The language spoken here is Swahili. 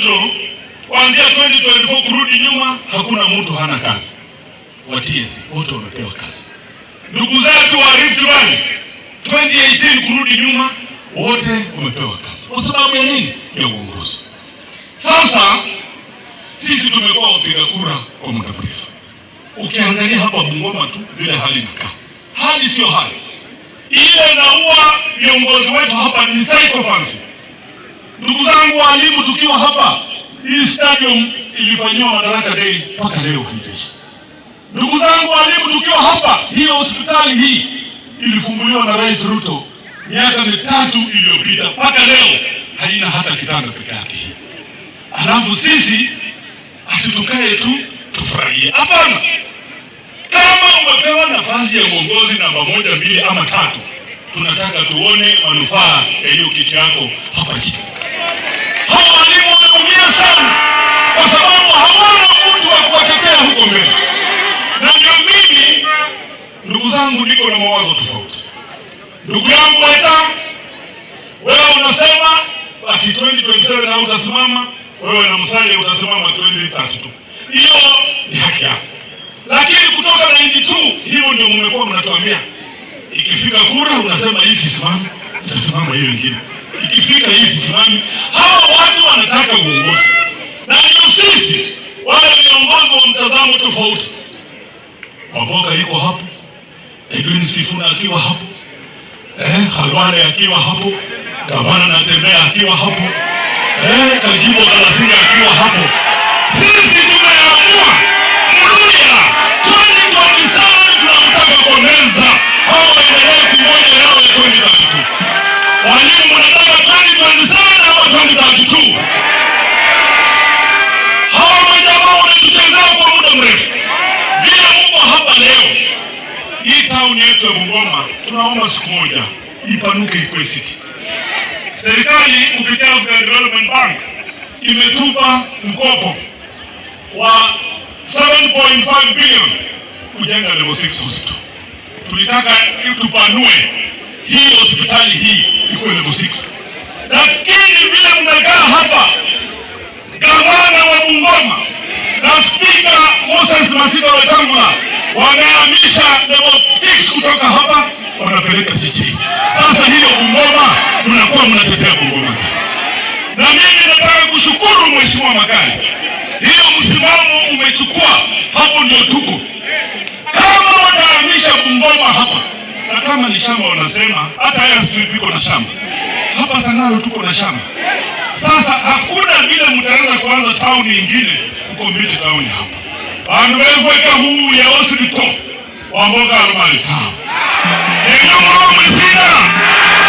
hivyo kuanzia 2024 kurudi nyuma, hakuna mtu hana kazi. watizi wote wamepewa kazi, ndugu zetu wa Rift Valley 2018 kurudi nyuma, wote wamepewa kazi. Kwa sababu ya nini? Ya uongozi. Sasa sisi tumekuwa wapiga kura kwa muda mrefu. Ukiangalia hapa Bungoma tu vile hali inakaa, hali sio hali ile. Inaua viongozi wetu hapa ni sycophancy. Ndugu zangu walimu, tukiwa hapa, hii stadium ilifanyiwa madaraka dei mpaka leo haijaisha. Ndugu zangu walimu, tukiwa hapa, hiyo hospitali hii ilifunguliwa na Rais Ruto miaka mitatu iliyopita, mpaka leo haina hata kitanda peke yake. Alafu sisi hatutukae tu tufurahie, hapana. Kama umepewa nafasi ya uongozi namba moja, mbili ama tatu, tunataka tuone manufaa ya hiyo kiti yako hapa chini. Hawa sana, kwa sababu hawana mtu wa huko mbele. Na ndio mimi, ndugu zangu, niko na mawazo tofauti. Ndugu yangu Weta, wewe unasema ati 2027 na utasimama wewe na Musalia utasimama 2032, hiyo ni haki yako, lakini kutoka 92 hiyo ndio mmekuwa mnatuambia. Ikifika kura unasema hii sisimame, utasimama hiyo ingine ikifika hii simami, hawa watu wanataka uongozi, na ndio sisi wale viongozi wa mtazamo tofauti. Mwaboka yuko hapo, Edwin Sifuna akiwa hapo, eh, Halwale akiwa hapo, gavana natembea akiwa hapo, eh, Kajibo Kalasinga akiwa hapo. tauni yetu ya Bungoma tunaomba siku moja ipanuke ikuwe city. Serikali kupitia Africa Development Bank imetupa mkopo wa 7.5 billion kujenga level 6 hospital. Tulitaka tupanue hii hospitali hii ikuwe level 6, lakini vile mnakaa hapa, gavana wa Bungoma na spika Moses Masika Wetangula wanahamisha level 6 kutoka hapa wanapeleka Sichi. Sasa hiyo Bungoma mnakuwa mnatetea Bungoma, na mimi nataka kushukuru Mheshimiwa Makari, hiyo msimamo umechukua hapo, ndio tuko kama watahamisha Bungoma hapa, na kama ni shamba wanasema hata haya tuko na shamba hapa, Sangalo tuko na shamba. Sasa hakuna vile mtaanza kuanza tauni nyingine kukombiti tauni hapa andwevweka huu ya wa mwaka arobaini na tano. Neno Mungu lipita